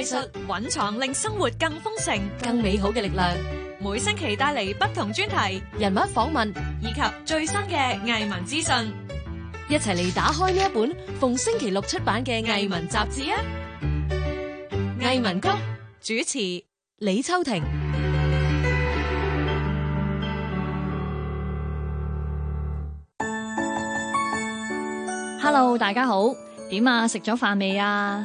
藝術蘊藏令生活更豐盛、更美好嘅力量，每星期帶嚟不同專題、人物訪問以及最新嘅藝文資訊，一齊嚟打開呢一本逢星期六出版嘅藝文雜誌啊！藝文谷主持李秋婷，Hello，大家好，點啊？食咗飯未啊？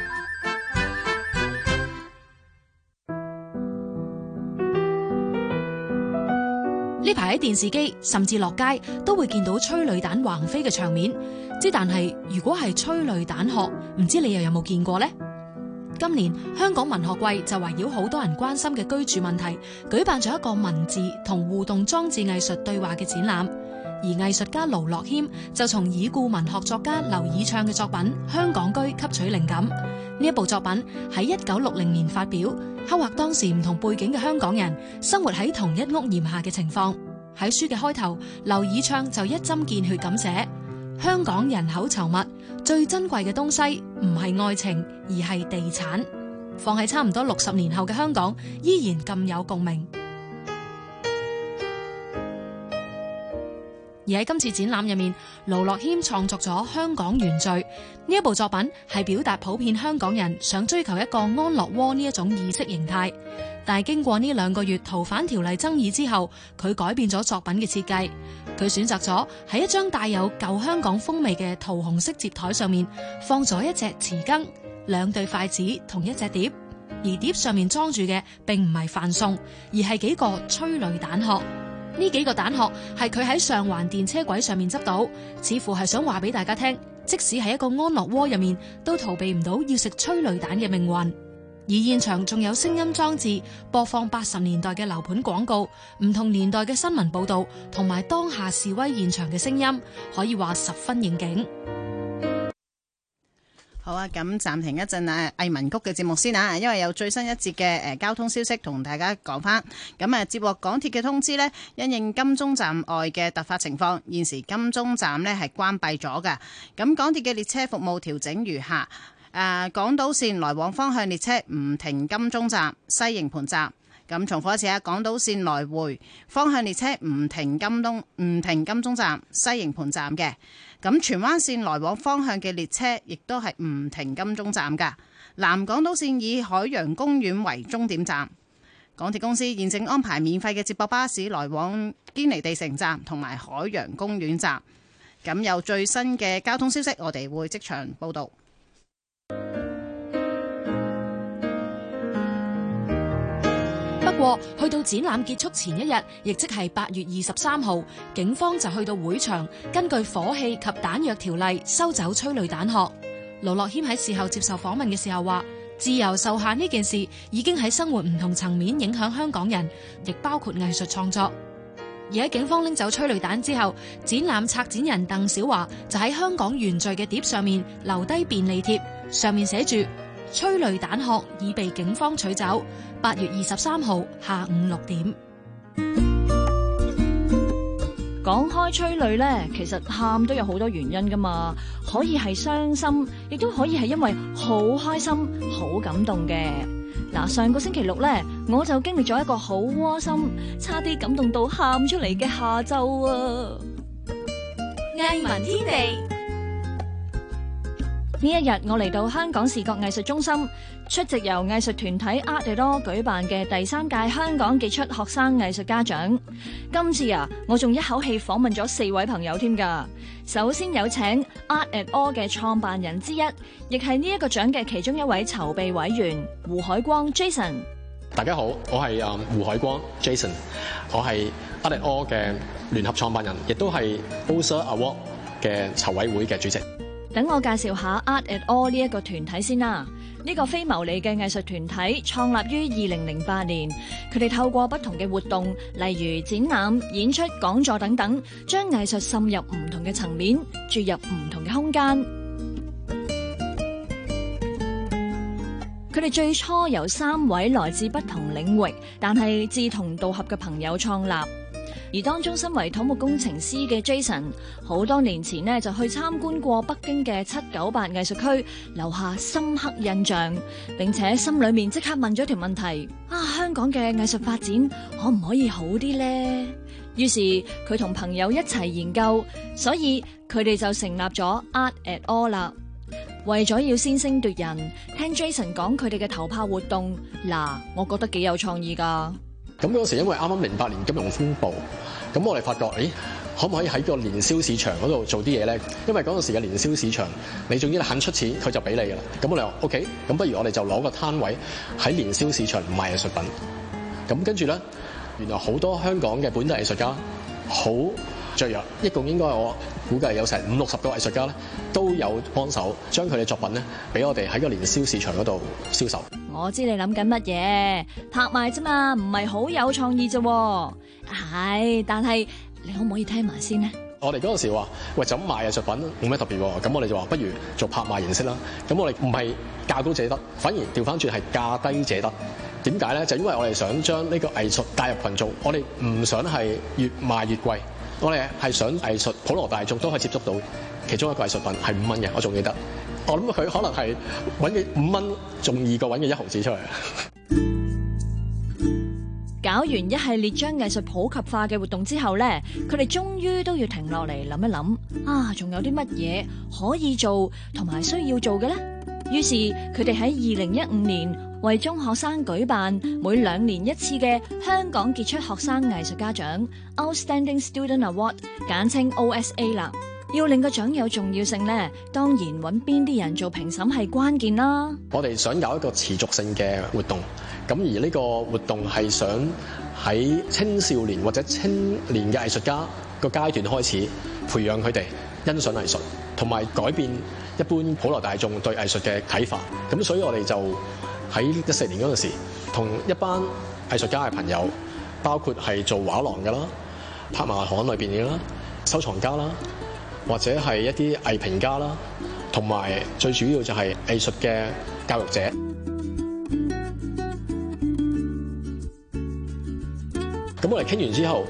喺電視機甚至落街都會見到催淚彈橫飛嘅場面，之但係如果係催淚彈殼，唔知你又有冇見過呢？今年香港文學季就圍繞好多人關心嘅居住問題，舉辦咗一個文字同互動裝置藝術對話嘅展覽，而藝術家盧樂謙就從已故文學作家劉以鬯嘅作品《香港居》吸取靈感。呢一部作品喺一九六零年發表，刻畫當時唔同背景嘅香港人生活喺同一屋檐下嘅情況。喺書嘅開頭，劉以鬯就一針見血咁寫：香港人口稠密，最珍貴嘅東西唔係愛情，而係地產。放喺差唔多六十年後嘅香港，依然咁有共鳴。而喺今次展覽入面，盧樂謙創作咗《香港原罪》呢一部作品，係表達普遍香港人想追求一個安樂窩呢一種意識形態。但係經過呢兩個月逃犯條例爭議之後，佢改變咗作品嘅設計。佢選擇咗喺一張帶有舊香港風味嘅桃紅色折台上面，放咗一隻匙羹、兩對筷子同一隻碟。而碟上面裝住嘅並唔係飯餸，而係幾個催淚彈殼。呢幾個蛋殼係佢喺上環電車軌上面執到，似乎係想話俾大家聽，即使喺一個安樂窩入面，都逃避唔到要食催淚彈嘅命運。而現場仲有聲音裝置播放八十年代嘅樓盤廣告、唔同年代嘅新聞報道同埋當下示威現場嘅聲音，可以話十分應景。好啊，咁暫停一陣啊，藝文谷嘅節目先啦，啊，因為有最新一節嘅誒交通消息同大家講翻。咁啊，接獲港鐵嘅通知呢，因應金鐘站外嘅突發情況，現時金鐘站呢係關閉咗㗎。咁港鐵嘅列車服務調整如下：誒、呃，港島綫來往方向列車唔停金鐘站、西營盤站。咁重複一次啊，港島綫來回方向列車唔停金東、唔停金鐘站、西營盤站嘅。咁荃灣線來往方向嘅列車亦都係唔停金鐘站㗎，南港島線以海洋公園為終點站。港鐵公司現正安排免費嘅接駁巴士來往堅尼地城站同埋海洋公園站。咁有最新嘅交通消息，我哋會即場報道。過、哦、去到展覽結束前一日，亦即係八月二十三號，警方就去到會場，根據火器及彈藥條例收走催淚彈殼。盧樂謙喺事後接受訪問嘅時候話：自由受限呢件事已經喺生活唔同層面影響香港人，亦包括藝術創作。而喺警方拎走催淚彈之後，展覽策展人鄧小華就喺香港原罪嘅碟上面留低便利貼，上面寫住。催淚彈殼已被警方取走。八月二十三號下午六點。講開催淚呢，其實喊都有好多原因噶嘛，可以係傷心，亦都可以係因為好開心、好感動嘅。嗱，上個星期六呢，我就經歷咗一個好窩心、差啲感動到喊出嚟嘅下晝啊！藝文天地。呢一日我嚟到香港視覺藝術中心，出席由藝術團體 Art at All 舉辦嘅第三屆香港傑出學生藝術家獎。今次啊，我仲一口氣訪問咗四位朋友添噶。首先有請 Art at All 嘅創辦人之一，亦係呢一個獎嘅其中一位籌備委員胡海光 Jason。大家好，我係誒胡海光 Jason，我係 Art at All 嘅聯合創辦人，亦都係 OSA Award 嘅籌委會嘅主席。等我介紹下 Art at all 呢一個團體先啦。呢個非牟利嘅藝術團體創立於2008年，佢哋透過不同嘅活動，例如展覽、演出、講座等等，將藝術滲入唔同嘅層面，注入唔同嘅空間。佢哋最初由三位來自不同領域但係志同道合嘅朋友創立。而當中身為土木工程師嘅 Jason，好多年前呢，就去參觀過北京嘅七九八藝術區，留下深刻印象。並且心裏面即刻問咗條問題：啊，香港嘅藝術發展可唔可以好啲呢？」於是佢同朋友一齊研究，所以佢哋就成立咗 Art at All 啦。為咗要先聲奪人，聽 Jason 講佢哋嘅頭炮活動，嗱、啊，我覺得幾有創意㗎。咁嗰時因為啱啱零八年金融風暴。咁我哋發覺，咦，可唔可以喺個年宵市場嗰度做啲嘢咧？因為嗰陣時嘅年宵市場，你仲要肯出錢，佢就俾你噶啦。咁我哋話，OK，咁不如我哋就攞個攤位喺年宵市場賣藝術品。咁跟住咧，原來好多香港嘅本地藝術家好雀躍，一共應該我估計有成五六十個藝術家咧都有幫手，將佢哋作品咧俾我哋喺個年宵市場嗰度銷售。我知你諗緊乜嘢？拍賣啫嘛，唔係好有創意啫。係，但係你可唔可以聽埋先咧？我哋嗰陣時話，喂，賣術品，就咁賣藝術品冇咩特別，咁我哋就話不如做拍賣形式啦。咁我哋唔係價高者得，反而調翻轉係價低者得。點解咧？就是、因為我哋想將呢個藝術帶入群眾，我哋唔想係越賣越貴，我哋係想藝術普羅大眾都可以接觸到。其中一個藝術品係五蚊嘅，我仲記得。我諗佢可能係搵嘅五蚊，仲易過搵嘅一毫子出嚟。 搞完一系列將藝術普及化嘅活動之後呢，佢哋終於都要停落嚟諗一諗啊，仲有啲乜嘢可以做同埋需要做嘅呢？於是佢哋喺二零一五年為中學生舉辦每兩年一次嘅香港傑出學生藝術家獎 （Outstanding Student Award），簡稱 OSA 啦。要令個獎有重要性咧，當然揾邊啲人做評審係關鍵啦。我哋想有一個持續性嘅活動，咁而呢個活動係想喺青少年或者青年嘅藝術家個階段開始培養佢哋欣賞藝術，同埋改變一般普羅大眾對藝術嘅啟發，咁所以我哋就喺一四年嗰陣時，同一班藝術家嘅朋友，包括係做畫廊嘅啦、拍賣行裏邊嘅啦、收藏家啦。或者係一啲藝評家啦，同埋最主要就係藝術嘅教育者。咁我哋傾完之後，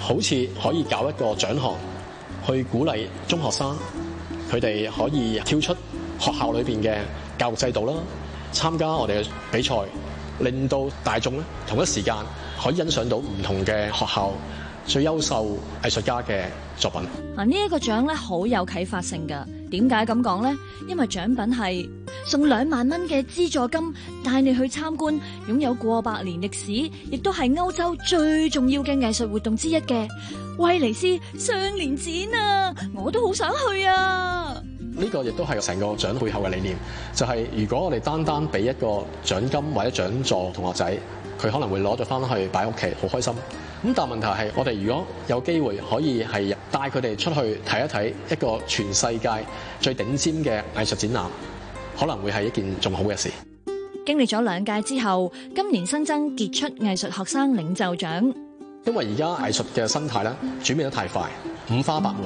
好似可以搞一個獎項，去鼓勵中學生，佢哋可以跳出學校裏邊嘅教育制度啦，參加我哋嘅比賽，令到大眾咧同一時間可以欣賞到唔同嘅學校。最優秀藝術家嘅作品啊！呢、這、一個獎咧好有啟發性㗎。點解咁講咧？因為獎品係送兩萬蚊嘅資助金，帶你去參觀擁有過百年歷史，亦都係歐洲最重要嘅藝術活動之一嘅威尼斯雙年展啊！我都好想去啊！呢個亦都係成個獎背後嘅理念，就係、是、如果我哋單單俾一個獎金或者獎座，同學仔。佢可能會攞咗翻去擺屋企，好開心。咁但係問題係，我哋如果有機會可以係帶佢哋出去睇一睇一個全世界最頂尖嘅藝術展覽，可能會係一件仲好嘅事。經歷咗兩屆之後，今年新增傑出藝術學生領袖獎。因為而家藝術嘅生態咧轉變得太快，五花八門，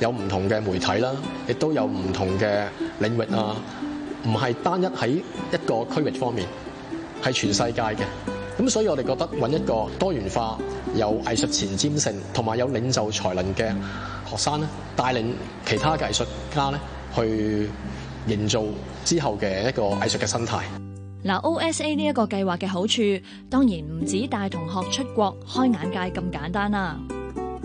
有唔同嘅媒體啦，亦都有唔同嘅領域啊，唔係單一喺一個區域方面，係全世界嘅。咁所以我哋覺得揾一個多元化、有藝術前瞻性同埋有領袖才能嘅學生咧，帶領其他藝術家咧去營造之後嘅一個藝術嘅生態。嗱，OSA 呢一個計劃嘅好處當然唔止帶同學出國開眼界咁簡單啦。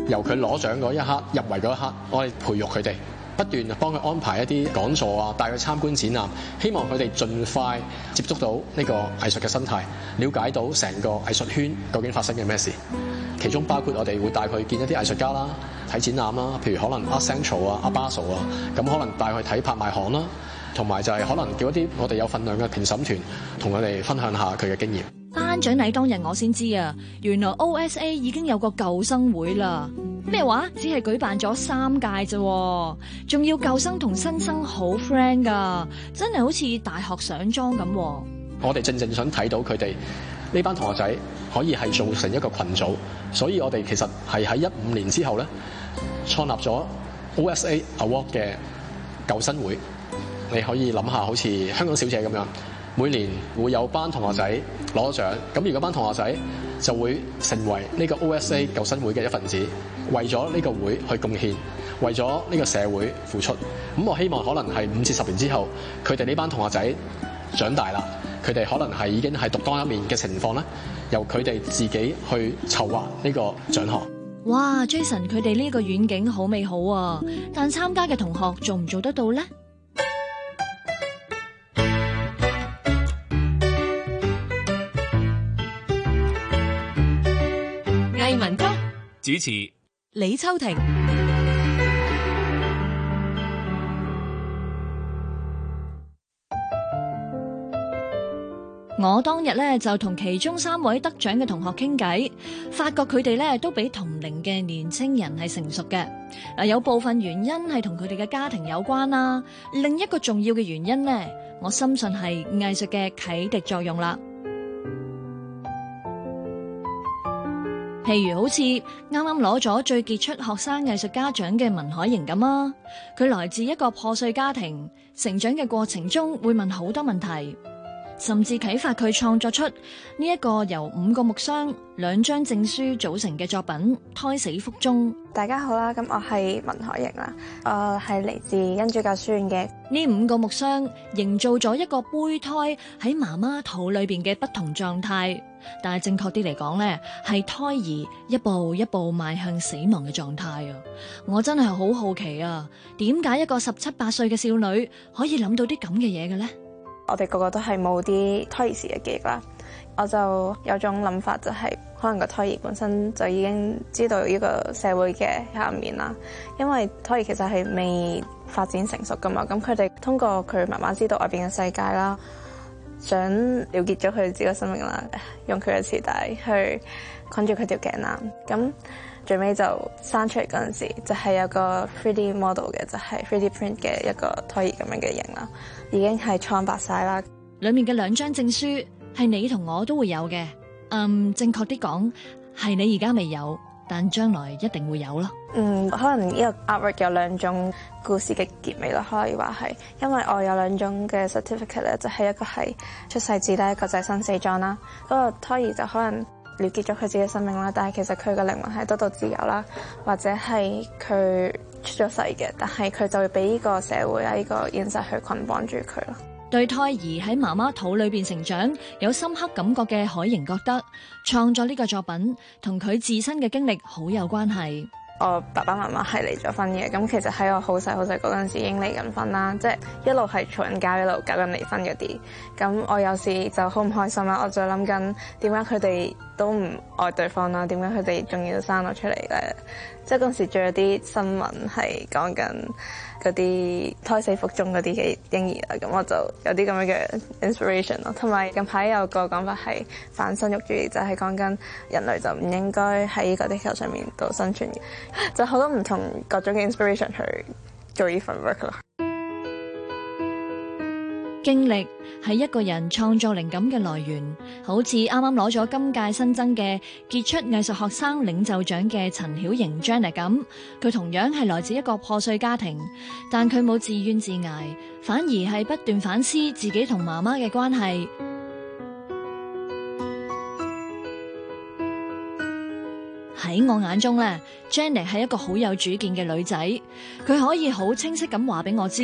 由佢攞獎嗰一刻，入圍嗰一刻，我哋培育佢哋。不斷幫佢安排一啲講座啊，帶佢參觀展覽，希望佢哋盡快接觸到呢個藝術嘅生態，了解到成個藝術圈究竟發生嘅咩事。其中包括我哋會帶佢見一啲藝術家啦，睇展覽啦，譬如可能阿 Central 啊、阿 Basel 啊，咁可能帶佢睇拍賣行啦，同埋就係可能叫一啲我哋有份量嘅評審團同佢哋分享下佢嘅經驗。頒獎禮當日，我先知啊，原來 OSA 已經有個舊生會啦。咩話？只係舉辦咗三屆啫，仲要舊生同新生好 friend 噶，真係好似大學上莊咁。我哋正正想睇到佢哋呢班同學仔可以係做成一個群組，所以我哋其實係喺一五年之後咧創立咗 OSA Award 嘅舊生會。你可以諗下，好似香港小姐咁樣。每年會有班同學仔攞獎，咁如果班同學仔就會成為呢個 OSA 舊生會嘅一份子，為咗呢個會去貢獻，為咗呢個社會付出。咁我希望可能係五至十年之後，佢哋呢班同學仔長大啦，佢哋可能係已經係獨當一面嘅情況咧，由佢哋自己去籌劃呢個獎項。哇，Jason，佢哋呢個遠景好美好啊，但參加嘅同學做唔做得到呢？主持李秋婷，我當日咧就同其中三位得獎嘅同學傾偈，發覺佢哋咧都比同齡嘅年輕人係成熟嘅。嗱，有部分原因係同佢哋嘅家庭有關啦，啊，另一個重要嘅原因呢，我深信係藝術嘅啟迪作用啦。譬如好似啱啱攞咗最傑出學生藝術家獎嘅文海瑩咁啊，佢來自一個破碎家庭，成長嘅過程中會問好多問題，甚至啟發佢創作出呢一個由五個木箱、兩張證書組成嘅作品《胎死腹中》。大家好啦，咁我係文海瑩啦，誒係嚟自恩主教書院嘅。呢五個木箱營造咗一個胚胎喺媽媽肚裏邊嘅不同狀態。但係正確啲嚟講咧，係胎兒一步一步邁向死亡嘅狀態啊！我真係好好奇啊，點解一個十七八歲嘅少女可以諗到啲咁嘅嘢嘅咧？我哋個個都係冇啲胎兒時嘅記憶啦，我就有種諗法，就是，就係可能個胎兒本身就已經知道呢個社會嘅下面啦。因為胎兒其實係未發展成熟噶嘛，咁佢哋通過佢慢慢知道外邊嘅世界啦。想了結咗佢自己生命啦，用佢嘅磁帶去捆住佢條頸啦。咁最尾就生出嚟嗰陣時，就係有個 3D model 嘅，就係 3D print 嘅一個胎兒咁樣嘅形啦，已經係蒼白晒啦。裡面嘅兩張證書係你同我都會有嘅。嗯，正確啲講係你而家未有，但將來一定會有啦。嗯，可能呢個 u p 有兩種故事嘅結尾咯。可以話係因為我有兩種嘅 certificate 咧，就係、是、一個係出世紙啦，一個就係生死狀啦。嗰個胎、那個、兒就可能結了結咗佢自己嘅生命啦，但係其實佢嘅靈魂係得到自由啦，或者係佢出咗世嘅，但係佢就會俾呢個社會啊，呢、這個現實去捆綁住佢咯。對胎兒喺媽媽肚裏邊成長有深刻感覺嘅海瑩覺得創作呢個作品同佢自身嘅經歷好有關係。我爸爸媽媽係離咗婚嘅，咁其實喺我好細好細嗰陣時已經離緊婚啦，即係一路係嘈緊交，一路搞緊離婚嗰啲。咁我有時就好唔開心啦，我就諗緊點解佢哋都唔愛對方啦，點解佢哋仲要生落出嚟咧？即係嗰陣時仲有啲新聞係講緊。嗰啲胎死腹中嗰啲嘅嬰兒啊，咁我就有啲咁樣嘅 inspiration 咯。同埋近排有個講法係反生育主義，就係講緊人類就唔應該喺個地球上面度生存嘅，就好多唔同各種嘅 inspiration 去做呢份 work 咯。經歷係一個人創作靈感嘅來源，好似啱啱攞咗今屆新增嘅傑出藝術學生領袖獎嘅陳曉瑩 Janet 咁，佢同樣係來自一個破碎家庭，但佢冇自怨自艾，反而係不斷反思自己同媽媽嘅關係。喺我眼中咧，Jenny 係一個好有主見嘅女仔，佢可以好清晰咁話俾我知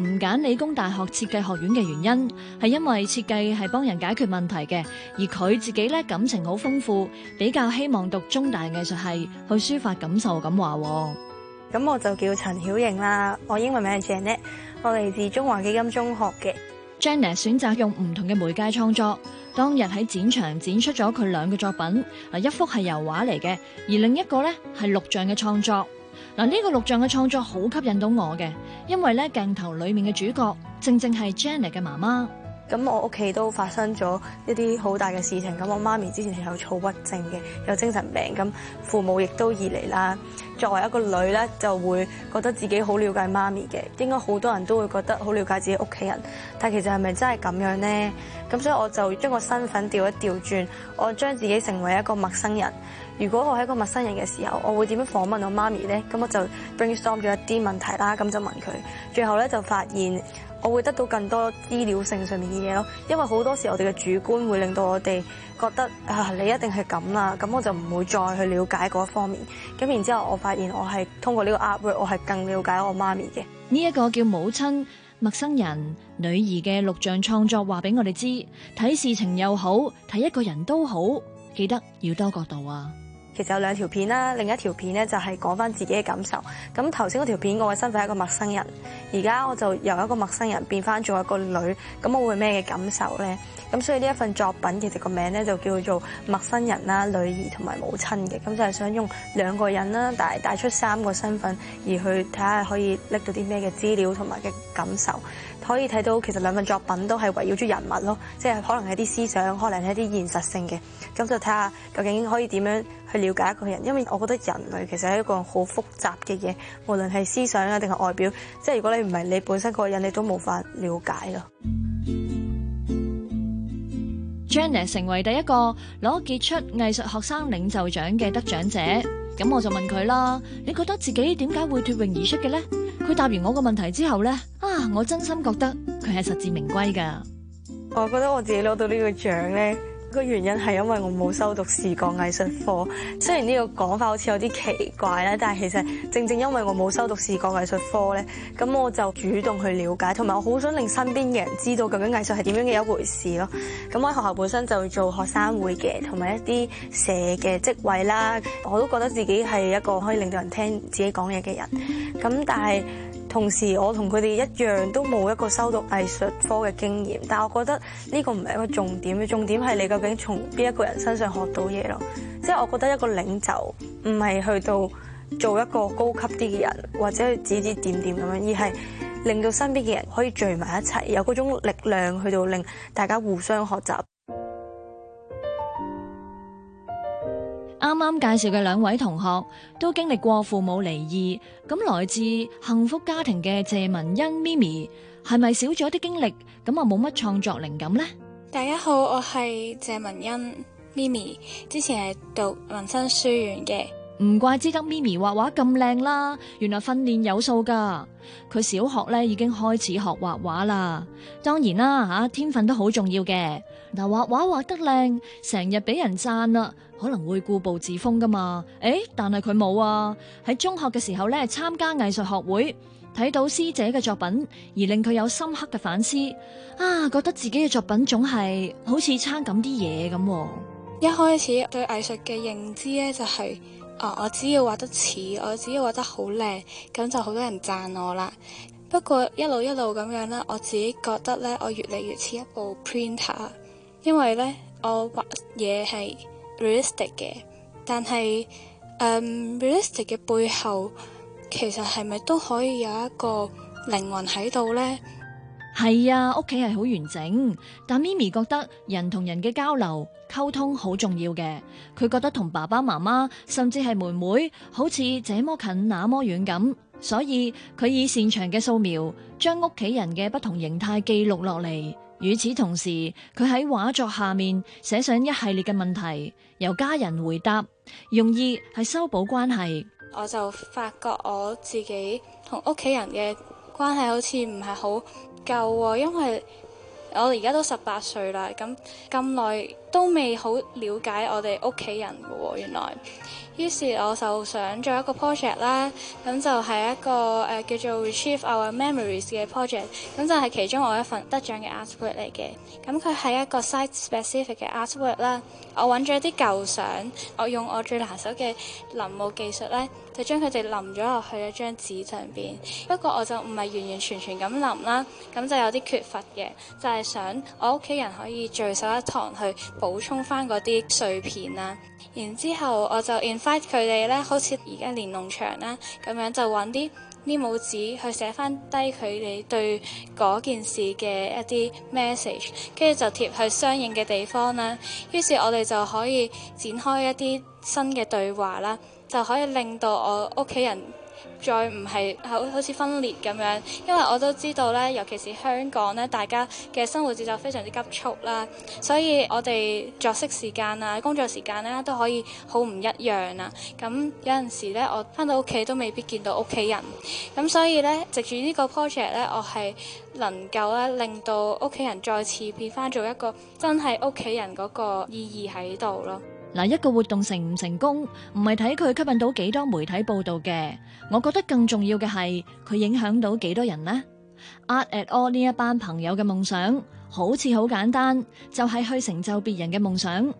唔揀理工大學設計學院嘅原因，係因為設計係幫人解決問題嘅，而佢自己咧感情好豐富，比較希望讀中大藝術系去抒發感受。咁話，咁我就叫陳曉瑩啦，我英文名係 Jenny，我嚟自中華基金中學嘅。Jenny 選擇用唔同嘅媒介創作。當日喺展場展出咗佢兩個作品，嗱，一幅係油畫嚟嘅，而另一個咧係錄像嘅創作。嗱、這、呢個錄像嘅創作好吸引到我嘅，因為咧鏡頭裏面嘅主角正正係 Jenny 嘅媽媽。咁我屋企都發生咗一啲好大嘅事情，咁我媽咪之前係有躁鬱症嘅，有精神病，咁父母亦都移嚟啦。作為一個女咧，就會覺得自己好了解媽咪嘅，應該好多人都會覺得好了解自己屋企人，但其實係咪真係咁樣呢？咁所以我就將個身份調一調轉，我將自己成為一個陌生人。如果我係一個陌生人嘅時候，我會點樣訪問我媽咪呢？咁我就 brainstorm 咗一啲問題啦，咁就問佢，最後咧就發現。我會得到更多資料性上面嘅嘢咯，因為好多時我哋嘅主觀會令到我哋覺得啊，你一定係咁啦，咁我就唔會再去了解嗰一方面。咁然之後我發現我係通過呢個 artwork，我係更了解我媽咪嘅。呢一個叫母親、陌生人、女兒嘅錄像創作，話俾我哋知，睇事情又好，睇一個人都好，記得要多角度啊。其實有兩條片啦，另一條片咧就係講翻自己嘅感受。咁頭先嗰條片，我嘅身份係一個陌生人，而家我就由一個陌生人變翻做一個女，咁我會咩嘅感受咧？咁所以呢一份作品其實個名咧就叫做《陌生人》啦，女兒同埋母親嘅，咁就係想用兩個人啦，帶帶出三個身份，而去睇下可以拎到啲咩嘅資料同埋嘅感受，可以睇到其實兩份作品都係圍繞住人物咯，即係可能係啲思想，可能係啲現實性嘅，咁就睇下究竟可以點樣去了解一個人，因為我覺得人類其實係一個好複雜嘅嘢，無論係思想啊定係外表，即係如果你唔係你本身個人，你都無法了解咯。Jenna 成為第一個攞傑出藝術學生領袖獎嘅得獎者，咁我就問佢啦：「你覺得自己點解會脫穎而出嘅呢？」佢答完我個問題之後呢，啊，我真心覺得佢係實至名歸噶。我覺得我自己攞到呢個獎呢，個原因係因為我冇修讀視覺藝術科，雖然呢個講法好似有啲奇怪啦，但係其實正正因為我冇修讀視覺藝術科咧，咁我就主動去了解，同埋我好想令身邊嘅人知道究竟藝術係點樣嘅一回事咯。咁我喺學校本身就做學生會嘅，同埋一啲社嘅職位啦，我都覺得自己係一個可以令到人聽自己講嘢嘅人。咁但係。同時，我同佢哋一樣都冇一個修讀藝術科嘅經驗，但我覺得呢個唔係一個重點，嘅重點係你究竟從邊一個人身上學到嘢咯。即係我覺得一個領袖唔係去到做一個高級啲嘅人，或者指指點點咁樣，而係令到身邊嘅人可以聚埋一齊，有嗰種力量去到令大家互相學習。啱啱介紹嘅兩位同學都經歷過父母離異，咁來自幸福家庭嘅謝文欣咪咪，m 係咪少咗啲經歷，咁啊冇乜創作靈感呢？大家好，我係謝文欣咪咪，之前係讀民生書院嘅。唔怪之得咪咪畫畫咁靚啦，原來訓練有素噶。佢小學咧，已經開始學畫畫啦。當然啦，吓天分都好重要嘅。嗱，畫畫畫得靚，成日俾人讚啦，可能會固步自封噶嘛。誒、欸，但係佢冇啊。喺中學嘅時候咧，參加藝術學會，睇到師姐嘅作品，而令佢有深刻嘅反思啊，覺得自己嘅作品總係好似差咁啲嘢咁。一開始對藝術嘅認知咧，就是，就係。哦，我只要畫得似，我只要畫得好靚，咁就好多人讚我啦。不過一路一路咁樣咧，我自己覺得咧，我越嚟越似一部 printer，因為咧我畫嘢係 realistic 嘅，但係、嗯、realistic 嘅背後，其實係咪都可以有一個靈魂喺度呢？係啊，屋企係好完整，但咪咪覺得人同人嘅交流溝通好重要嘅。佢覺得同爸爸媽媽甚至係妹妹好似這麼近那麼遠咁，所以佢以擅長嘅素描將屋企人嘅不同形態記錄落嚟。與此同時，佢喺畫作下面寫上一系列嘅問題，由家人回答，用意係修補關係。我就發覺我自己同屋企人嘅關係好似唔係好。夠喎、啊，因為我而家都十八歲啦，咁咁耐。都未好了解我哋屋企人喎、哦，原來。於是我就想做一個 project 啦，咁就係一個誒、呃、叫做 Retrieve Our Memories 嘅 project，咁就係其中我一份得獎嘅 artwork 嚟嘅。咁佢係一個 site-specific 嘅 artwork 啦。我揾咗啲舊相，我用我最拿手嘅臨摹技術呢，就將佢哋淋咗落去一張紙上邊。不過我就唔係完完全全咁淋啦，咁就有啲缺乏嘅，就係、是、想我屋企人可以聚首一堂去。補充翻嗰啲碎片啦，然之後我就 invite 佢哋咧，好似而家連儂牆啦咁樣就，就揾啲黏母紙去寫翻低佢哋對嗰件事嘅一啲 message，跟住就貼去相應嘅地方啦。於是，我哋就可以展開一啲新嘅對話啦，就可以令到我屋企人。再唔係好好似分裂咁樣，因為我都知道咧，尤其是香港咧，大家嘅生活節奏非常之急促啦，所以我哋作息時間啊、工作時間咧都可以好唔一樣啊。咁有陣時咧，我翻到屋企都未必見到屋企人。咁所以咧，藉住呢個 project 咧，我係能夠咧令到屋企人再次變翻做一個真係屋企人嗰個意義喺度咯。嗱，一個活動成唔成功，唔係睇佢吸引到幾多媒體報道嘅，我覺得更重要嘅係佢影響到幾多人呢？Art at all 呢一班朋友嘅夢想，好似好簡單，就係去成就別人嘅夢想。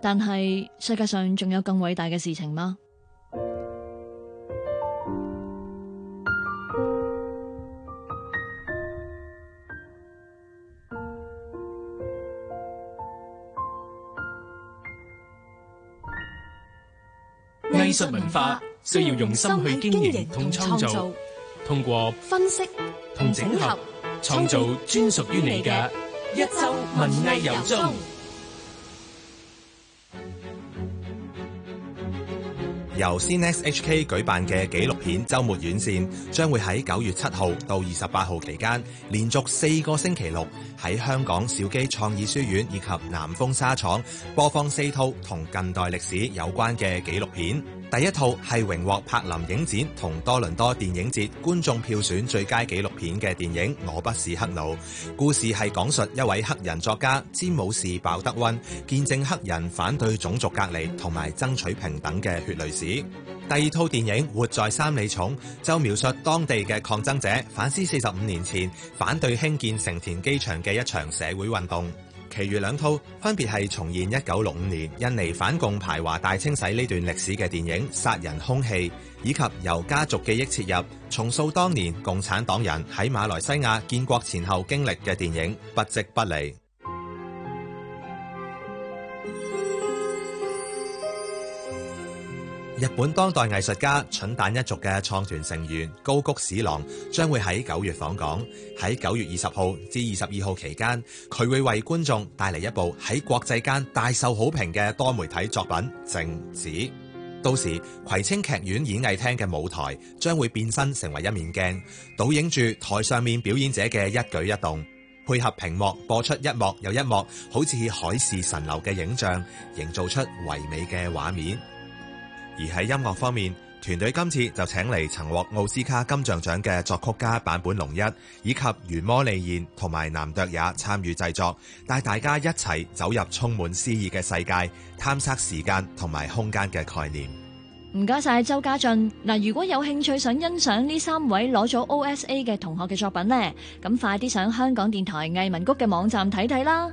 但係世界上仲有更偉大嘅事情嗎？藝術文化需要用心去經營同創造，通過分析同整合，創造專屬於你嘅一周文藝遊蹤。由 CNEX HK 舉辦嘅紀錄片《周末院線》將會喺九月七號到二十八號期間，連續四個星期六喺香港兆基創意書院以及南豐紗廠播放四套同近代歷史有關嘅紀錄片。第一套係榮獲柏林影展同多倫多電影節觀眾票選最佳紀錄片嘅電影《我不是黑奴》，故事係講述一位黑人作家詹姆士·鮑德溫見證黑人反對種族隔離同埋爭取平等嘅血淚史。第二套電影《活在三里冢》就描述當地嘅抗爭者反思四十五年前反對興建成田機場嘅一場社會運動。其餘兩套分別係重現一九六五年印尼反共排華大清洗呢段歷史嘅電影《殺人兇器》，以及由家族記憶切入重塑當年共產黨人喺馬來西亞建國前後經歷嘅電影《不即不離》。日本當代藝術家蠢蛋一族嘅創團成員高谷史郎將會喺九月訪港，喺九月二十號至二十二號期間，佢會為觀眾帶嚟一部喺國際間大受好評嘅多媒體作品《靜止》。到時葵青劇院演藝廳嘅舞台將會變身成為一面鏡，倒映住台上面表演者嘅一舉一動，配合屏幕播出一幕又一幕好似海市蜃樓嘅影像，營造出唯美嘅畫面。而喺音樂方面，團隊今次就請嚟曾獲奧斯卡金像獎嘅作曲家坂本龍一，以及原摩利彥同埋南駒也參與製作，帶大家一齊走入充滿詩意嘅世界，探測時間同埋空間嘅概念。唔該晒，周家俊。嗱，如果有興趣想欣賞呢三位攞咗 OSA 嘅同學嘅作品呢，咁快啲上香港電台藝文谷嘅網站睇睇啦！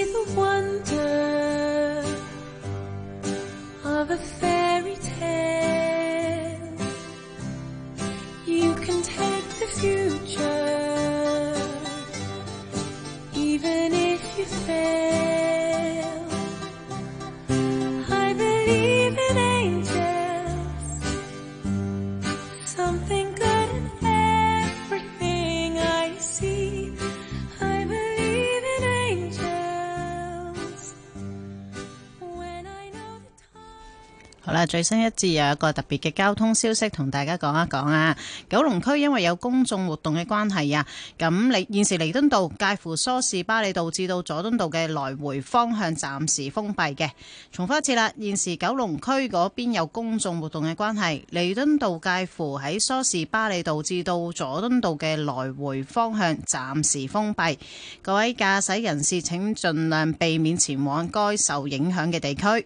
啦，最新一節有一個特別嘅交通消息同大家講一講啊！九龍區因為有公眾活動嘅關係啊，咁你現時彌敦道介乎梳士巴利道至到佐敦道嘅來回方向暫時封閉嘅。重複一次啦，現時九龍區嗰邊有公眾活動嘅關係，彌敦道介乎喺梳士巴利道至到佐敦道嘅來回方向暫時封閉。各位駕駛人士請盡量避免前往該受影響嘅地區。